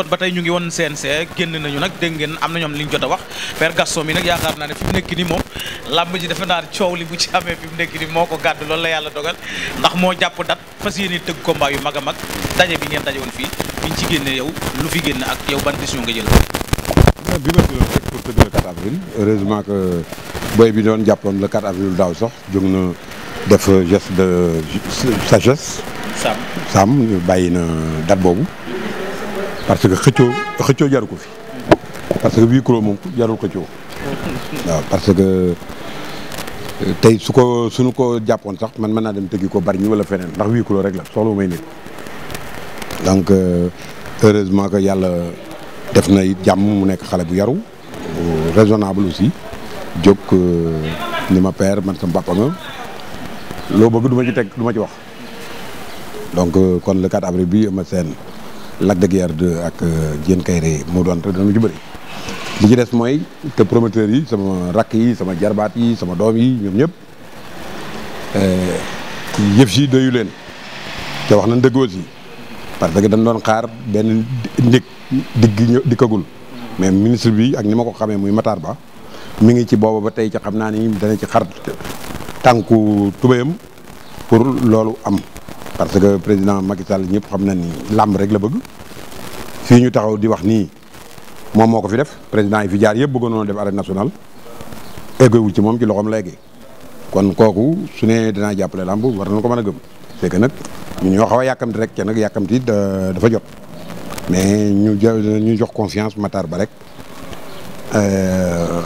kon ba tey ñu ngi woon CNG génn nañu nag dégg ngeen am na ñoom li ñu jot a wax Père Gaston mi nag yaakaar naa ne fi nekk nii moom làmb ji defe naa coow li bu ci amee fi mu nekk nii moo ko gàddu lool la yàlla dogal ndax moo jàpp dat fas yéene tëgg combat yu mag a mag daje bi ngeen daje woon fii biñ ci génne yow lu fi génn ak yow ban décision nga jël. bi ma jëloon rek pour tëdd le 4 avril heureusement que boy bi doon jàppoon le 4 avril daaw sax jóg na def bàyyi na date boobu. parce que xëccoo xëccoo jaru ko fi parce que huis clos moom jarul xëccoo waaw parce que euh, tey su ko suñu ko jàppoon sax man mën naa dem tëggi ko bari ñu wala feneen ndax huis clos rek la soxla may nit donc euh, heureusement que yàlla def na it jàmm mu nekk xale bu yaru raisonnable aussi jóg euh, ni ma père man sama papa nga loo bëgg du ma ci teg du ma ci wax donc kon le 4 avril bi ma seen Lac de Guiers 2 ak euh, Diène Kayré moo doon te dana ci bëri li ci des mooy te promoteur yi sama rakk yi sama jarbaat yi sama doom yi ñoom ñëpp euh, yëf si doyu leen te wax nañ dëgg yi parce que dañ doon xaar benn ndig digg dikkagul mais ministre bi ak ni ma ko xamee muy Matar Ba mi ngi ci booba ba tey ci xam naa ni dana ci xar tànku tubéyam pour loolu am parce que président Macky Sall ñëpp xam na ni làmb rek la bëgg fii ñu taxaw di wax nii moom moo ko fi def président yi fi jaar yëpp bëggoon na def arène nationale eggewul ci moom ci loxoom léegi kon kooku su ne dinaa jàppale làmb war nañ ko mën a gëm c'est nag ñoo xaw a yàkkamti rek te nag yàkkamti euh, dafa jot mais ñu ñu jox confiance Matar Ba rek euh,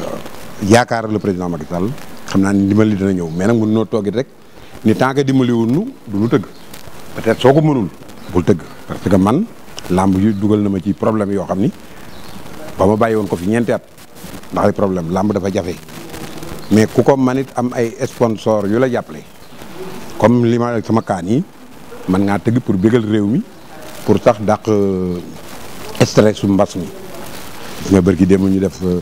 yaakaar le président Macky Sall xam naa ni ndimbal li dina ñëw mais nag mën noo toogit rek ni tant que dimbaliwul nu du lu tëgg peut soo ko mënul bul tëgg parce que man làmb yi dugal na ma ci problème yoo xam ni ba ma bàyyi woon ko fi ñeenti at ndax ay problème làmb dafa jafe mais ku ko man am ay sponsor yu la jàppale comme li ma sama kaan yi mën ngaa tëgg pour bégal réew mi pour sax dàq euh, stress su mbas mi gis nga bërki démb ñu def euh,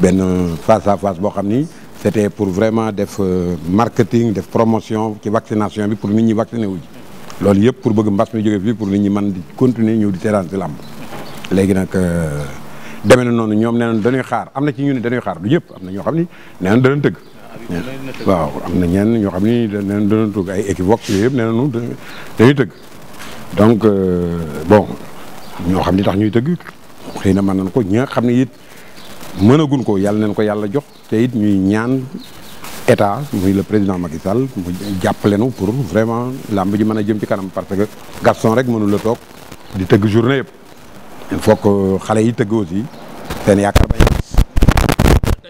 benn face à face boo xam ni c'était pour vraiment def euh, marketing def promotion ci vaccination bi pour nit ñi vacciné wu loolu yëpp pour bëgg mbas mi jóge fii pour nit ñi mën di continuer ñëw di terrasse di làmb léegi nag euh, deme na noonu ñoom nee nañ dañuy xaar am na ci ñu ne dañuy xaar du ñëpp am na ñoo xam ni nee nañ danañ tëgg waaw am na ñenn ñoo xam ni nee nañ danañ tëgg ay équivoque yooyu yëpp nee nañu dañuy tëgg donc euh, bon ñoo xam ni tax ñuy tëgg xëy na mën nañ ko ñi nga xam ne it mënagun ko yàlla neen ko yàlla jox te it ñuy ñaan eta muy le président Macky Sall mu pour vraiment làmb ji mën a jëm ci kanam parce que Gaston rek mënul la toog di tëgg journée yëpp il faut que xale yi tëgg aussi seen yaakaar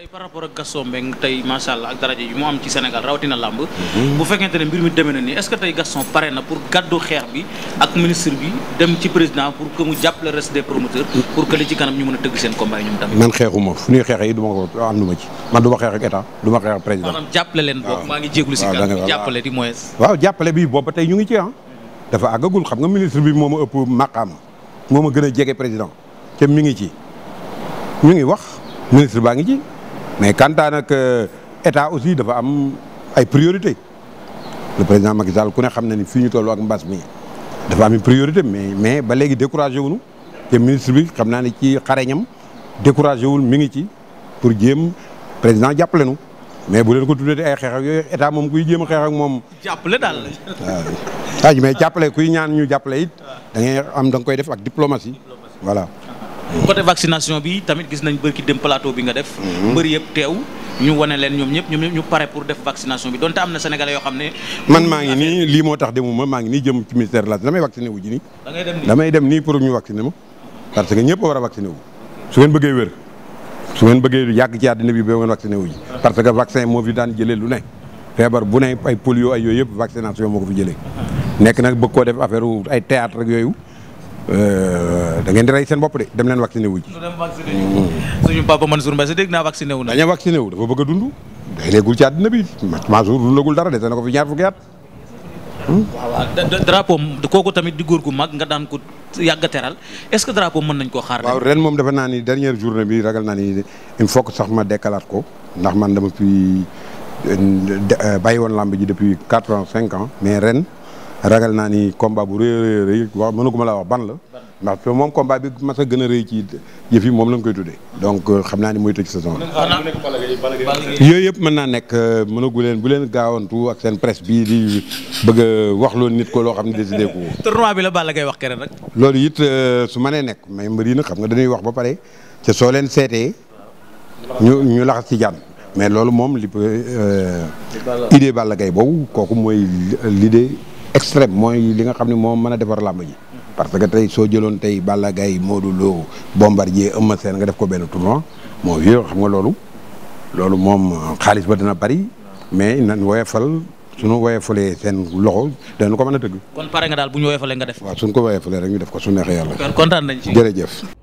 tey par rapport ak Gaston Mbengue tey macha allah ak daraja yi mu am ci Sénégal rawatina làmb bu fekkente ne mbir mi demee na nii est-ce que tey Gaston pare na pour gàddu xeex bi ak ministre bi dem ci président pour que mu jàppale reste des promoteurs pour que ci kanam ñu mën a tëgg seen combat yi ñoom tamit. man xeexuma fu ñuy xeexee yi du ma ko am nu ma ci man du ma ak état du xeex président. jàppale leen boobu maa ngi jégalu si kàddu gi jàppale di moyes. waaw jàppale bi ba tey ñu ngi ci ah. dafa àggagul xam nga bi moo ma ëpp moo ma gën a jege président te mi ngi ci ñu ngi wax ministre baa ngi mais kantaa nag euh, état aussi dafa am ay priorité le président Macky Sall ku ne xam na ni fii ñu toll ak mbas mi dafa am priorité mais mais ba léegi découragé wuñu te ministre bi xam naa ne ci xareñam découragé wul mi ngi ci pour jéem président jàppale nu mais bu leen ko tuddee ay xeex ak yooyu état moom kuy jéem a xeex moom. jàppale daal la. mais jàppale kuy ñaan ñu jàppale it da ngay am da nga koy def ak diplomatie voilà. côté vaccination bi tamit gis nañ bërki dem plateau bi nga def mhm. mbër yëpp teew ñu wane leen ñoom ñëpp ñoom ñu pare pour def vaccination bi donte am na sénégalais yoo xam ne man maa ngi nii lii moo tax demuma maa ngi nii jëm ci ministère la damay vacciné wu ji nii damay dem nii pour ñu vacciné ma parce que ñëpp war a vacciné wu su ngeen bëggee wér su ngeen bëggee yàgg ci àddina bi ba ngeen vacciné wu ji parce que vaccin moo fi daan jële lu ne feebar bu ne ay polio ay yooyu yëpp vaccination moo ko fi jëlee nekk nag bëgg koo def affaire ay théâtre yooyu Euh, da ngeen di rey seen bopp de dem leen vacciné wu ji. dem vacciné wu naa vacciné wu na. dañoo vacciné wu dafa bëgg a dund. day léegul ci àddina bi Mansour dundagul dara de dana ko fi ñaar fukki at. Hmm? waaw drapeau kooku tamit di góor gu mag nga daan ko yàgg teral est-ce que drapeau mën nañ ko xaar. waaw ren moom dafa naa ni dernière journée bi ragal naa ni il faut que sax ma dekkalaat ko ndax man dama fi euh, euh, bàyyi woon lamb ji depuis quatre ans cinq ans mais ren. ragal naa ni combat bu rëy rëy rëy wax ma la wax ban la ndax moom combat bi mas a gën a rëy ci yëf yi moom lañ koy tuddee donc euh, xam naa ni mooy tëj saison bi yooyu yëpp mën naa nekk euh, mënagu leen bu leen gaawantu ak seen presse bi di bëgg wax loolu nit ko loo xam ne décidé ko Balla Gaye wax keneen rek loolu it euh, su mënee nekk mais mbër yi nag xam nga dañuy wax ba pare te soo leen seetee ñu ñu laxas ci jàmm mais loolu moom li idée Balla Gaye boobu kooku mooy l'idée extrême mooy li nga xam ne moo mën a defar làmb ji. parce que tey soo jëloon tey Balla Gaye Modou Lo Bombardier Eumeu seen nga def ko benn tournoi moo vieux xam nga loolu loolu moom xaalis ba dina bari mais nan woyefal suñu woyefalee seen loxo danañ ko mën a tëgg. kon pare nga daal def. waaw suñ ko woyefalee rek ñu def ko su neexee yàlla. kontaan